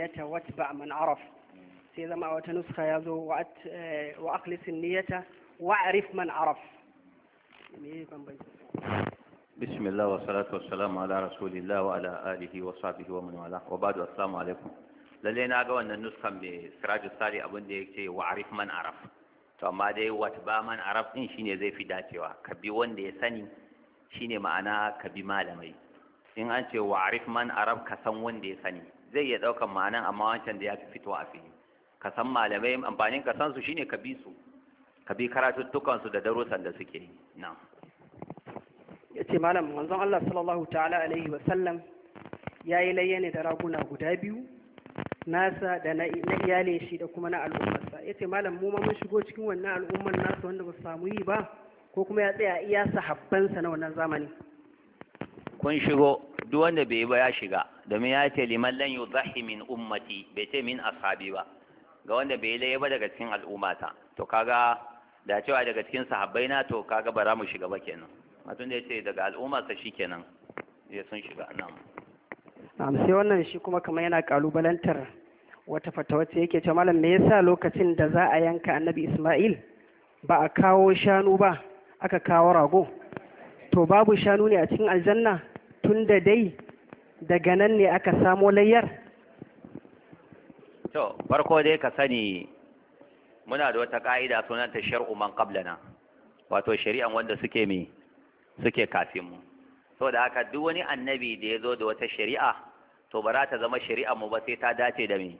niyyata watba man araf sai zama wata nuska ya zo wa eh, akhlisin niyyata wa arif man araf بسم الله والصلاة والسلام على رسول الله وعلى آله وصحبه ومن والاه وبعد السلام عليكم na ga wannan nuskan mai siraju sari abin da yake wa arif man araf to amma dai wat ba man araf din shine zai fi dacewa ka bi wanda ya sani shine ma'ana ka bi malamai in an ce wa man ka san wanda ya sani zai iya ɗaukar ma'anan amma wancan da ya fi fitowa a fili ka san malamai amfanin ka san su shine ka bi su ka bi karatuttukan su da darussan da suke na ce malam manzon Allah sallallahu ta'ala alaihi wa sallam yi layyane da raguna guda biyu nasa da na iyalin shi da kuma na al'ummarsa Ya ce malam mu ma mun shigo cikin wannan al'ummar nasu wanda ba samu yi ba ko kuma ya tsaya iya sahabbansa na wannan zamani kun shigo duk wanda bai yi ba ya shiga domin ya ce liman lan yudhi min ummati bai ce min ashabi ba ga wanda bai laye ba daga cikin al'ummata to kaga da cewa daga cikin sahabbai na to kaga ba za mu shiga ba kenan mutum da yace ce daga al'ummarsa shikenan ya sun shiga nan na'am sai wannan shi kuma kamar yana kalubalantar wata fatawa ce yake cewa malam me yasa lokacin da za a yanka annabi Isma'il ba a kawo shanu ba aka kawo rago to babu shanu ne a cikin aljanna tun da dai daga nan ne aka samo layyar to farko dai ka sani muna da wata ka'ida sunanta shar'u man wato shari'an wanda suke mai suke kafinmu. mu da haka duk wani annabi da ya zo da wata shari'a to ba za ta zama shari'a mu ba sai ta dace da mi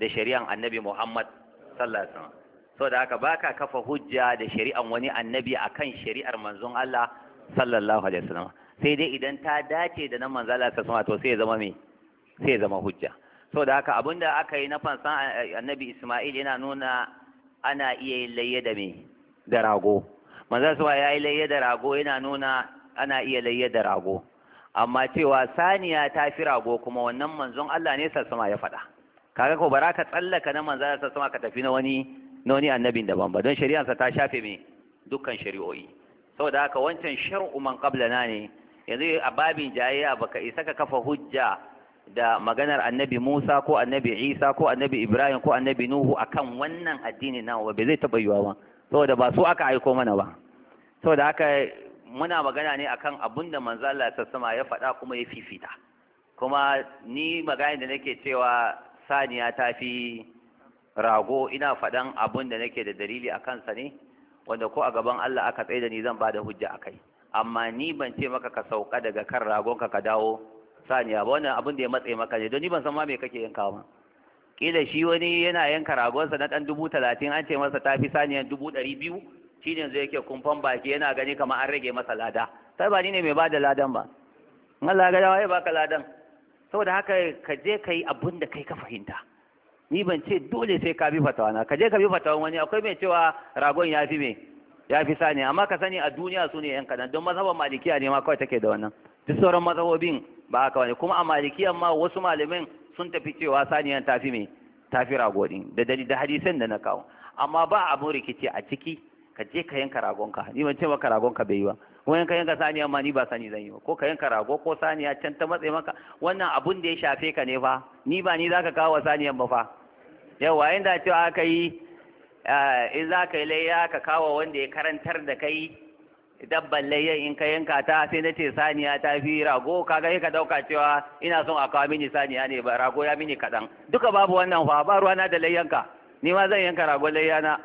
da shari'an annabi Muhammad sallallahu alaihi To da haka baka kafa hujja da shari'an wani annabi akan shari'ar manzon Allah sallallahu alaihi wasallam sai dai idan ta dace da nan manzala ta sama to sai zama mai sai zama hujja da haka abinda aka yi na fansan eh, eh, annabi Isma'il yana nuna ana iya yin layya da me da rago manzala sama ya yi layya da rago yana nuna ana iya layya da rago amma cewa saniya ta fi rago kuma wannan manzon Allah ne sassama ya faɗa kaga ko bara ka tsallaka na manzon sassama ka tafi na wani na wani annabin daban ba don shari'arsa ta shafe me dukkan shari'o'i saboda haka wancan shar'u man qablana ne yanzu a babin jayayya baka isa ka kafa hujja da maganar annabi Musa ko annabi Isa ko annabi Ibrahim ko annabi Nuhu akan wannan addini na ba zai taɓa yiwa ba saboda ba su aka aiko mana ba saboda haka muna magana ne akan abun da manzo Allah sassama ya faɗa kuma ya fifita kuma ni magana da nake cewa saniya ta fi rago ina faɗan abun da nake da dalili a kansa ne wanda ko a gaban Allah aka tsaye da ni zan ba da hujja a kai amma ni ban ce maka ka sauka daga kan ragonka ka dawo saniya ba wannan abin da ya matse maka ne don ni ban san ma me kake yanka ba kila shi wani yana yanka ragonsa na dan dubu talatin an ce masa ta fi saniyan dubu ɗari biyu shi ne zai yake kumfan baki yana gani kamar an rage masa lada sai ba ni ne mai bada ladan ba in Allah ga dawa ya baka ladan saboda haka ka je ka yi abin da kai ka fahimta ni ban ce dole sai ka bi fatawa na ka je ka bi fatawan wani akwai mai cewa ragon ya fi mai ya fi sani amma ka sani a duniya su ne yan kadan don mazhabar malikiya ne ma kawai take da wannan duk sauran mazhabobin ba haka wani kuma a malikiyan ma wasu malamin sun tafi cewa saniyan tafi mai tafi rago din da da hadisan da na kawo amma ba abun rikici a ciki ka je ka yanka ragonka ni ban ce maka ragonka bai yi ba ko yanka yanka saniya ma ni ba sani zan yi ko ka yanka rago ko saniya can ta matse maka wannan abun da ya shafe ka ne fa ni ba ni zaka kawo saniyan ba fa yawa inda cewa aka yi Eh, in za ka yi layya ka kawo wanda ya karantar da kai dabban layyan in ka yanka ta sai na ce saniya ta fi rago kaga ka dauka cewa ina son a kawo mini saniya ne ba rago ya mini kaɗan duka babu wannan fa ba ruwana da layyanka ni ma zan yanka rago layyana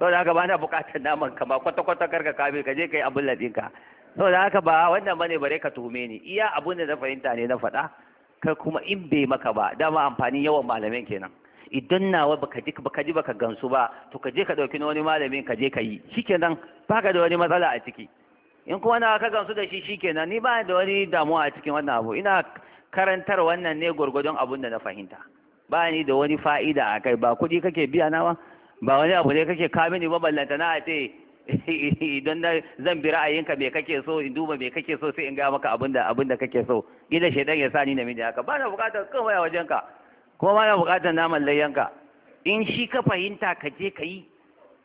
saboda haka ba na buƙatar naman ka ba kwata-kwata karka kame ka je ka yi abin ladinka saboda haka ba wannan bane bare ka tuhume ni iya abun da na fahimta ne na faɗa kai kuma in bai maka ba dama amfanin yawan malamin kenan idan nawa baka ji baka ji baka gansu ba to ka je ka dauki wani malamin ka je ka yi shikenan baka da wani matsala a ciki in kuma na ka gansu da shi shikenan ni ba da wani damuwa a cikin wannan abu ina karantar wannan ne gwargwadon abun da na fahimta ba ni da wani fa'ida a kai ba kuɗi kake biya nawa ba wani abu ne kake ka mini ba ballanta na ce idan na zan bi ra'ayinka me kake so in duba me kake so sai in ga maka abin da abin da kake so ina shedan ya sa ni namiji haka ba na bukatar kan waya wajen ka ko ma ya buƙatar naman layyanka in shi ka fahimta ka je ka yi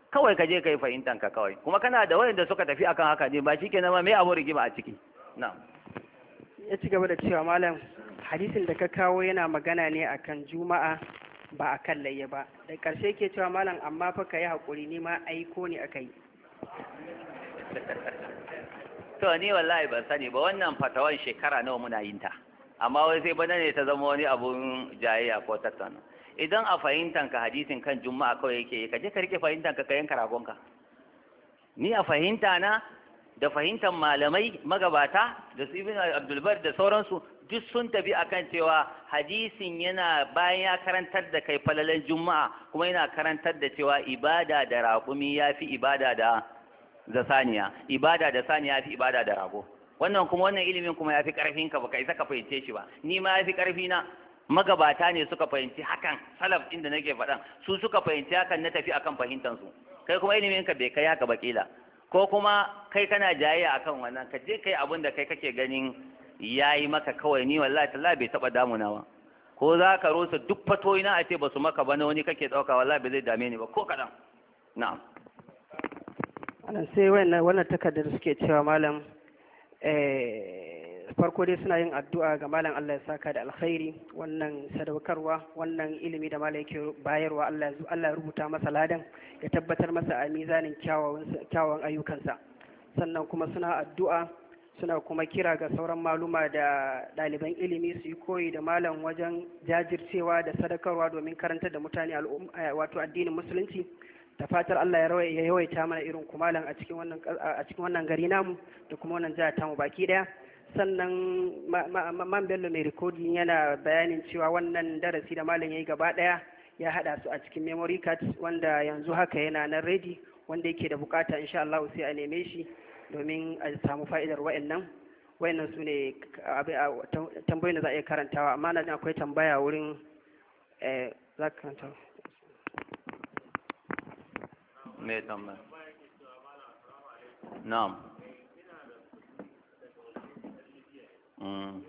kawai ka je ka yi fahimtanka kawai kuma kana da wayanda suka tafi akan haka ne ba shi ke nama mai abu rigima a ciki na ya ci gaba da cewa malam hadisin da ka kawo yana magana ne akan juma'a ba a kan layya ba da ƙarshe ke cewa malam amma fa ka yi haƙuri ne ma aiko ne aka yi to ni wallahi ban sani ba wannan fatawan shekara nawa muna yin ta amma wai sai bana ne ta zama wani abun jayayya ko tattauna idan a fahimtan ka hadisin kan juma'a kawai yake ka je ka rike fahimtan ka kayan ka ni a fahimta na da fahimtar malamai magabata da su ibn da sauransu duk sun tafi akan cewa hadisin yana bayan ya karantar da kai falalan juma'a kuma yana karantar da cewa ibada da raƙumi yafi ibada da saniya ibada da saniya fi ibada da rago wannan kuma wannan ilimin kuma ya fi ƙarfin ka baka isa ka fahimce shi ba ni ma ya fi ƙarfi na magabata ne suka fahimci hakan salaf ɗin da nake faɗan su suka fahimci hakan na tafi akan fahimtar su kai kuma ilimin ka bai kai haka ba kila ko kuma kai kana jayayya akan wannan ka je kai abin da kai kake ganin yayi maka kawai ni wallahi tallahi bai taɓa ba ko za ka rusa duk fatoyi na a ce ba su maka ba na wani kake ɗauka wala ba zai dame ni ba ko kaɗan na'am wannan sai wannan wannan takardar suke cewa malam Eh, farko dai suna yin addu'a ga malam Allah ya saka da alkhairi wannan sadaukarwa wannan ilimi da malam yake bayarwa Allah ya rubuta masa ladan ya tabbatar masa a mizanin kyawawan ayyukansa sannan kuma suna addu'a suna kuma kira ga sauran maluma da ɗaliban ilimi su yi koyi da malam wajen jajircewa da sadakarwa domin karantar da mutane eh, wato addinin musulunci da fatar Allah ya yawaita mana irin kumalan a cikin wannan a cikin wannan gari namu da kuma wannan ta tamu baki daya sannan man bello mai rikodin yana bayanin cewa wannan darasi da malam yayi gaba daya ya hada su a cikin memory card wanda yanzu haka yana nan ready wanda yake da bukata insha Allah sai a neme shi domin a samu fa'idar wa'annan wa'annan su ne tambayoyin da za a iya karantawa amma na akwai tambaya wurin eh, za karantawa mai tambaya na'am hmm.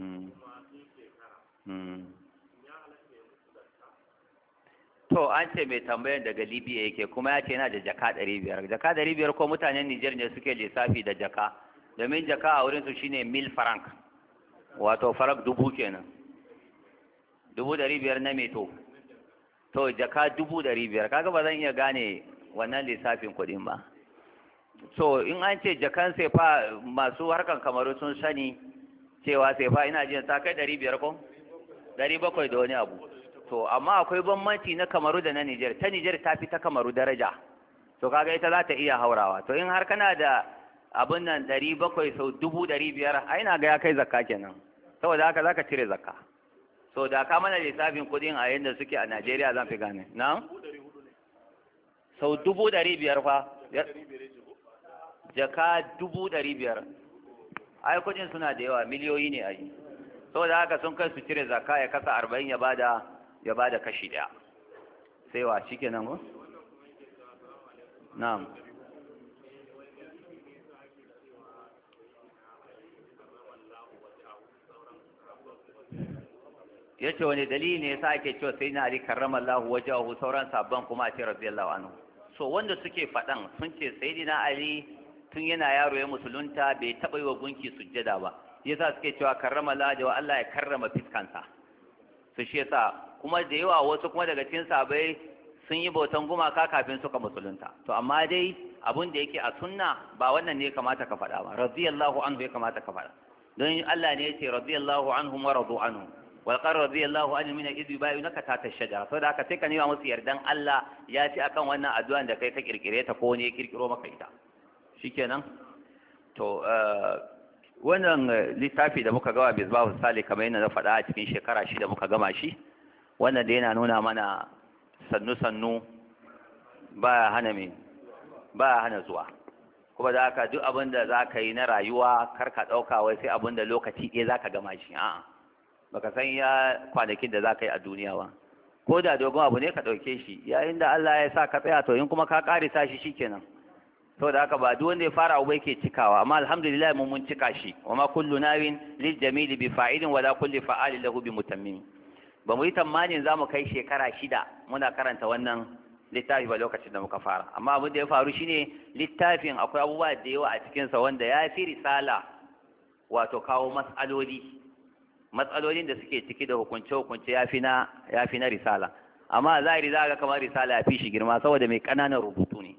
Hmm. Hmm. to an ce mai tambayar daga libya yake kuma ya ce yana da jaka ɗari biyar jaka ɗari biyar ko mutanen nijar ne suke lissafi da jaka domin jaka a wurinsu shine mil frank, wato frank dubu kenan dubu ɗari biyar na to. to jaka dubu ɗari biyar kaga ba zan iya gane wannan lissafin kuɗin ba so in an ce jakan sefa masu harkan kamaru sun sani cewa sefa ina jin ta kai ɗari biyar ko ɗari bakwai da wani abu to amma akwai bambanci na kamaru da na nijar ta nijar ta fi ta kamaru daraja to kaga ita za ta iya haurawa to in har kana da abin nan ɗari bakwai sau dubu ɗari biyar a ina ga ya kai zakka kenan saboda haka za ka cire zakka so da ka mana lissafin kudin a yadda suke a Najeriya zan fi gane na sau dubu ɗari biyar fa jaka dubu ɗari biyar ai kudin suna da yawa miliyoyi ne a yi sau da haka sun kai su cire zaka ya kasa arba'in ya bada ya bada kashi ɗaya sai wa shi kenan ku. na'am ya ce wani dalili ne yasa ake cewa sai na ali karramallahu wajahu sauran sabban kuma a ce radiyallahu anhu so wanda suke faɗan sun ce sai na ali tun yana yaro ya musulunta bai taɓa yi wa gunki sujjada ba yasa suke cewa karramallahu da Allah ya karrama fiskansa su shi yasa kuma da yawa wasu kuma daga cikin sabai sun yi bautan gumaka kafin suka musulunta to amma dai abin da yake a sunna ba wannan ne ya kamata ka faɗa ba radiyallahu anhu ya kamata ka faɗa don Allah ne ya ce radiyallahu anhum wa radu anhum walqar radiyallahu anhu min idh naka ta tashajara da haka sai ka nema musu yardan Allah ya ci akan wannan addu'an da kai ka kirkire ta ko ne kirkiro maka ita shikenan to eh, wannan littafi da muka gama bisbah sali kamar yana na faɗa a cikin shekara shida muka gama shi wannan da yana nuna mana sannu sannu ba hana me ba hana zuwa kuma da haka duk abin da za ka yi na rayuwa kar ka ɗauka wai sai abin lokaci ɗaya za ka gama shi a'a baka san ya kwanakin da za ka yi a duniya ba ko da dogon abu ne ka ɗauke shi yayin da Allah ya sa ka tsaya to in kuma ka ƙarisa shi shikenan da haka ba duk wanda ya fara abu yake cikawa amma alhamdulillah mun mun cika shi wa ma kullu nawin lil jamili bi fa'ilin la kulli fa'ali lahu bi mutammim ba mu yi tamanin zamu kai shekara shida muna karanta wannan littafi ba lokacin da muka fara amma abin da ya faru shine littafin akwai abubuwa da yawa a cikinsa wanda ya fi risala wato kawo matsaloli matsalolin da suke ciki da hukunce-hukunce ya fi na ya fi na risala amma zahiri za ga kamar risala ya fi shi girma saboda mai ƙananan rubutu ne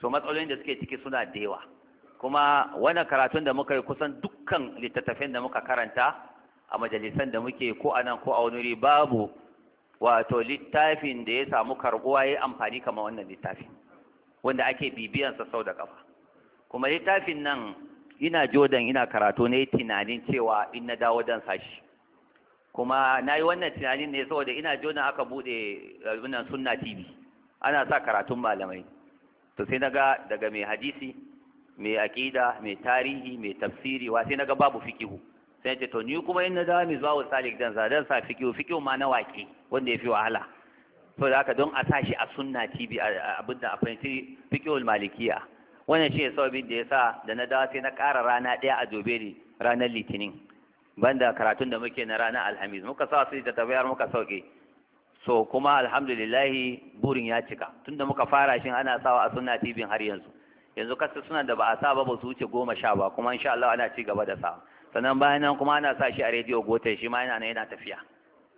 so matsalolin da suke ciki suna da yawa kuma wani karatun da muka yi kusan dukkan littattafin da muka karanta a majalisan da muke ko a nan ko a wani babu wato littafin da ya samu karɓuwa ya amfani kama wannan littafin wanda ake bibiyansa sau da kafa kuma littafin nan ina jodan ina karatu na yi tunanin cewa in na dawo dan sashi kuma na yi wannan tunanin ne saboda ina jona aka buɗe wannan eh, sunna tv ana sa karatun malamai to sai naga daga mai hadisi mai aƙida mai tarihi mai tafsiri wa sai naga babu fikihu sai ce to ni kuma in na mai zuwa salik dan zadan sa fikihu fikihu ma na waƙe wanda ya wahala to da haka don a sa shi a sunna tv abin da a fahimci fikihul malikiya wannan shi ya sababin da ya sa da na dawo sai na ƙara rana ɗaya a dobe ranar litinin banda karatun da muke na ranar alhamis muka sa su da tabayar muka sauke so kuma alhamdulillahi burin ya cika tunda muka fara shin ana sawa a sunna tv har yanzu yanzu kasu suna da ba a sa ba ba su wuce goma sha ba kuma insha Allah ana ci gaba da sa sannan bayan nan kuma ana sa shi a rediyo gotel shi ma yana nan yana tafiya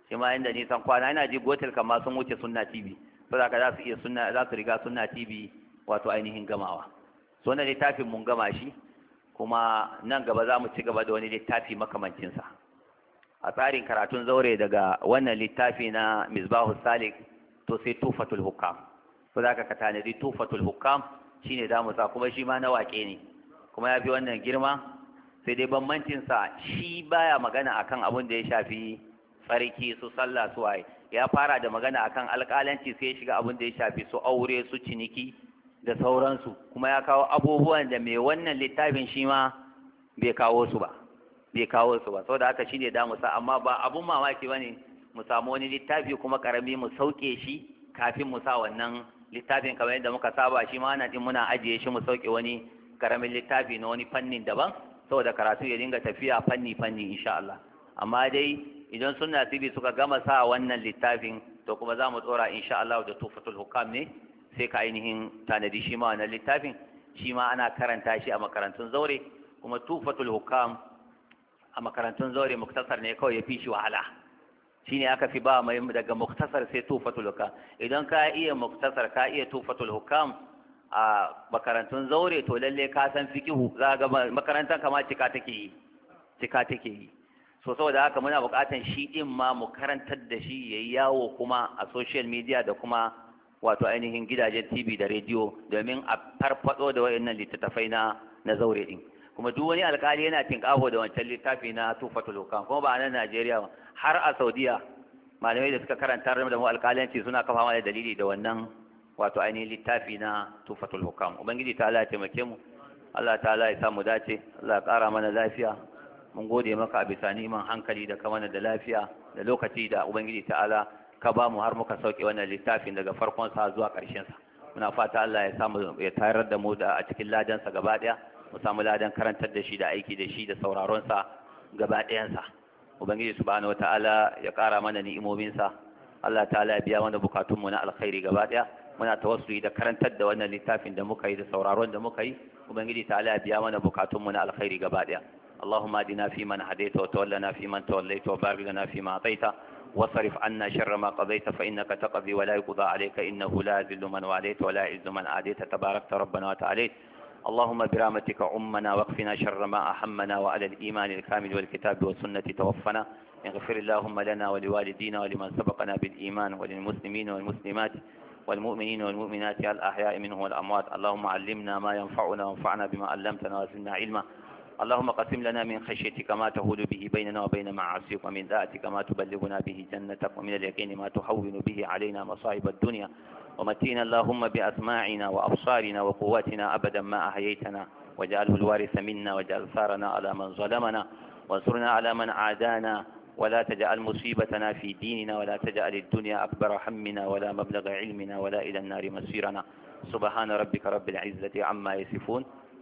shi ma inda nisan kwana yana ji gotel kan ma sun wuce sunna tv ka za su iya sunna za su riga sunna tv wato ainihin gamawa so wannan littafin mun gama shi kuma nan gaba za mu ci gaba da wani littafi makamancinsa a tsarin karatun zaure daga wannan littafi na misbahu salik to sai tufatul hukam ko za ka tanadi tufatul hukam shine za mu sa kuma shi ma na wake ne kuma ya fi wannan girma sai dai bambancinsa shi baya magana akan abin da ya shafi tsarki su sallah su waye ya fara da magana akan alƙalanci sai ya shiga abin da ya shafi su aure su ciniki da sauransu kuma ya kawo abubuwan da mai wannan littafin shi ma bai kawo su ba bai kawo su ba saboda haka shine da musa amma ba abun mamaki bane mu samu wani littafi kuma karami mu sauke shi kafin mu sa wannan littafin kamar yadda muka saba shi ma ana jin muna ajiye shi mu sauke wani karamin littafi na wani fannin daban saboda karatu ya dinga tafiya fanni fanni insha Allah amma dai idan sunna tibi suka gama sa wannan littafin to kuma za mu tsora insha Allah da tufatul hukam ne sai ka ainihin tanadi shi ma wannan littafin shi ma ana karanta shi a makarantun zaure kuma tufatul hukam a makarantun zaure muktasar ne kawai ya fi shi wahala shi ne aka fi ba mai daga muktasar sai tufatul hukam idan ka iya muktasar ka iya tufatul hukam a makarantun zaure to lalle ka san fikihu za ga makarantar kama cika take yi cika take yi so saboda haka muna buƙatan shi din ma mu karantar da shi yayi yawo kuma a social media da kuma wato ainihin gidajen TV da rediyo domin a farfado da wayannan littattafai na na zaure din kuma duk wani alkali yana tinkaho da wancan littafi na tufatu lokan kuma ba a nan Najeriya ba har a Saudiya malamai da suka karanta da mu alkalanci suna kafa mana dalili da wannan wato ainihin littafi na tufatu lokan ubangiji ta Allah ya taimake mu Allah ta'ala ya sa mu dace Allah ya kara mana lafiya mun gode maka a bisa niman hankali da kamana da lafiya da lokaci da ubangiji ta Allah ka ba mu har muka sauke wannan littafin daga farkon sa zuwa ƙarshen sa muna fata Allah ya samu ya tayar da mu da a cikin ladan sa gaba daya mu samu ladan karantar da shi da aiki da shi da sauraron sa gaba ɗayan sa ubangiji subhanahu wataala ya ƙara mana ni'imomin sa Allah ta'ala ya biya mana bukatun mu na alkhairi gaba daya muna tawassuli da karantar da wannan littafin da muka yi da sauraron da muka yi ubangiji ta'ala ya biya mana bukatun mu na alkhairi gaba daya اللهم اهدنا فيمن هديت وتولنا فيمن توليت وبارك لنا فيما اعطيت وصرف عنا شر ما قضيت فإنك تقضي ولا يقضى عليك إنه لا ذل من واليت ولا عز من عاديت تباركت ربنا وتعاليت اللهم برامتك أمنا واقفنا شر ما أحمنا وعلى الإيمان الكامل والكتاب والسنة توفنا اغفر اللهم لنا ولوالدينا ولمن سبقنا بالإيمان وللمسلمين والمسلمات والمؤمنين والمؤمنات الأحياء منهم والأموات اللهم علمنا ما ينفعنا وانفعنا بما علمتنا وزدنا علما اللهم قسم لنا من خشيتك ما تهول به بيننا وبين معاصيك ومن ذاتك ما تبلغنا به جنتك ومن اليقين ما تحول به علينا مصائب الدنيا ومتينا اللهم بأسماعنا وأبصارنا وقواتنا أبدا ما أحييتنا واجعله الوارث منا واجعل ثارنا على من ظلمنا وانصرنا على من عادانا ولا تجعل مصيبتنا في ديننا ولا تجعل الدنيا أكبر همنا ولا مبلغ علمنا ولا إلى النار مصيرنا سبحان ربك رب العزة عما يصفون